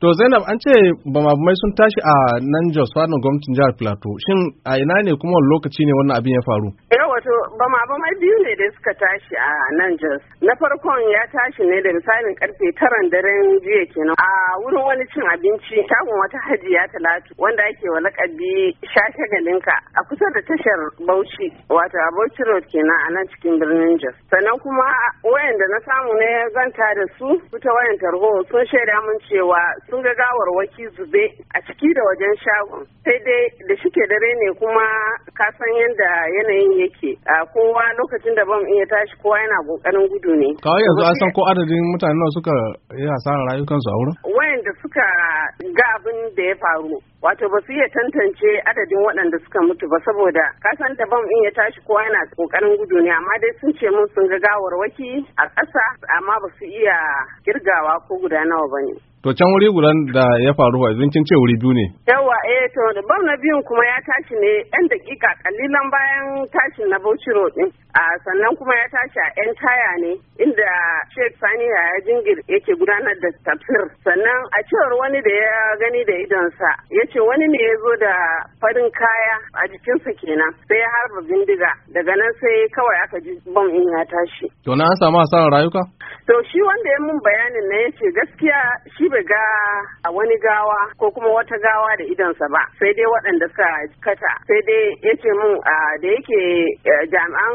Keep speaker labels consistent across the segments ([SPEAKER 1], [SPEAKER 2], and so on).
[SPEAKER 1] To Zainab an ce bamabumai sun tashi a nan Jos gwamnatin jihar Plateau. Shin a ina ne kuma lokaci ne wannan abin ya faru?
[SPEAKER 2] wato bama mai biyu ne da suka tashi a nan jos na farkon ya tashi ne da misalin karfe taran daren jiya kenan a wurin wani cin abinci shagon wata hajiya talatu wanda ake wa lakabi sha galinka a kusa da tashar bauchi wato a bauchi road kenan a nan cikin birnin jos sannan kuma wayanda na samu ne zanta da su fita wayan tarho sun shaida mun cewa sun ga gawar waki zube a ciki da wajen shagon sai dai da shike dare ne kuma ka san yadda yanayin yake a kowa lokacin da bam iya tashi kowa yana kokarin gudu ne kawai yanzu a san ko
[SPEAKER 1] adadin mutanen suka yi hasarar rayukansu a wurin
[SPEAKER 2] wayanda suka ga abin da ya faru wato ba su iya tantance adadin waɗanda suka mutu ba saboda kasan da bam in ya tashi kowa yana kokarin gudu ne amma dai sun ce mun sun ga gawar waki a ƙasa amma ba su iya kirgawa ko guda ba ne.
[SPEAKER 1] To can wuri guran da ya faru a kin ce wuri biyu ne.
[SPEAKER 2] Yawa eh to bam na biyun kuma ya tashi ne yan dakika kalilan bayan tashin na Bauchi Road ɗin A sannan kuma ya tashi a yan taya ne inda Sheikh Sani ya jingir yake gudanar da tafsir. Sannan a cewar wani da ya gani da idonsa ya ce wani ne ya zo da farin kaya a jikinsa kenan sai ya harba bindiga daga nan sai kawai aka ji bom in ya tashi.
[SPEAKER 1] To na an samu asarar rayuka?
[SPEAKER 2] To shi wanda ya mun bayanin na ya ce, gaskiya shi bai ga a wani gawa ko kuma wata gawa da idonsa ba sai dai waɗanda suka kata sai dai yace mun da yake eh, jami'an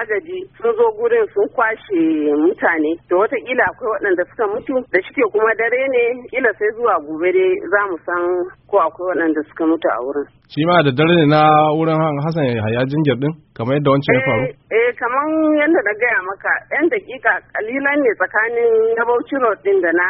[SPEAKER 2] agaji sun zo gurin sun kwashe mutane to watakila akwai waɗanda suka mutu da shike kuma dare ne kila sai zuwa gobe dai za mu san ko akwai waɗanda suka mutu a wurin.
[SPEAKER 1] Shi ma da dare ne na wurin Hassan Yahaya jingir din kamar yadda wancan ya eh, faru?
[SPEAKER 2] Eh kamar yadda na gaya maka yan dakika kalilan ne tsakanin na Bauchi Road ɗin da na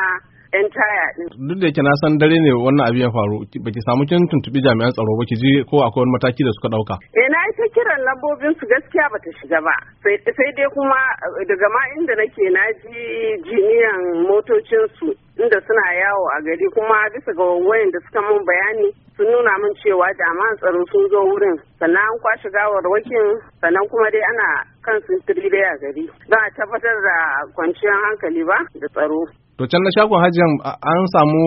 [SPEAKER 2] yan taya ɗin.
[SPEAKER 1] Duk da yake na san dare ne wannan abin ya faru baki samu kin tuntuɓi jami'an tsaro ba ki ji ko akwai wani mataki da suka ɗauka.
[SPEAKER 2] Eh na yi ta kiran lambobin su gaskiya ba ta shiga ba. Sai dai kuma eh, daga ma inda nake na ji jiniyan motocinsu inda suna yawo a gari kuma bisa ga wayan da suka mun bayani sun nuna min cewa jami'an tsaro sun zo wurin sannan an kwashe warwakin sannan kuma dai ana kan sintiri dai a gari za a tabbatar da kwanciyar hankali ba da tsaro
[SPEAKER 1] to can na shagon hajjan an samu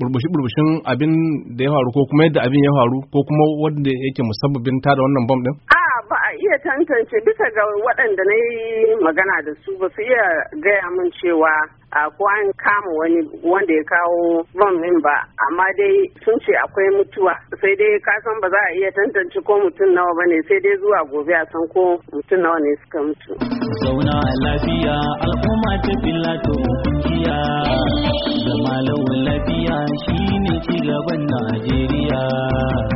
[SPEAKER 1] burbushi burbushin abin da ya faru ko kuma yadda abin ya faru ko kuma wanda yake musabbabin tada wannan bom din
[SPEAKER 2] tantance bisa ga waɗanda na yi magana da su ba su iya gaya min cewa a ko an kama wani wanda ya kawo ban min ba amma dai sun ce akwai mutuwa sai dai kasan ba za a iya tantance ko mutum nawa ba ne sai dai zuwa gobe a san ko mutum nawa ne suka mutu.
[SPEAKER 1] zauna lafiya al'umma ta kungiya zama lafiya shine cigaban najeriya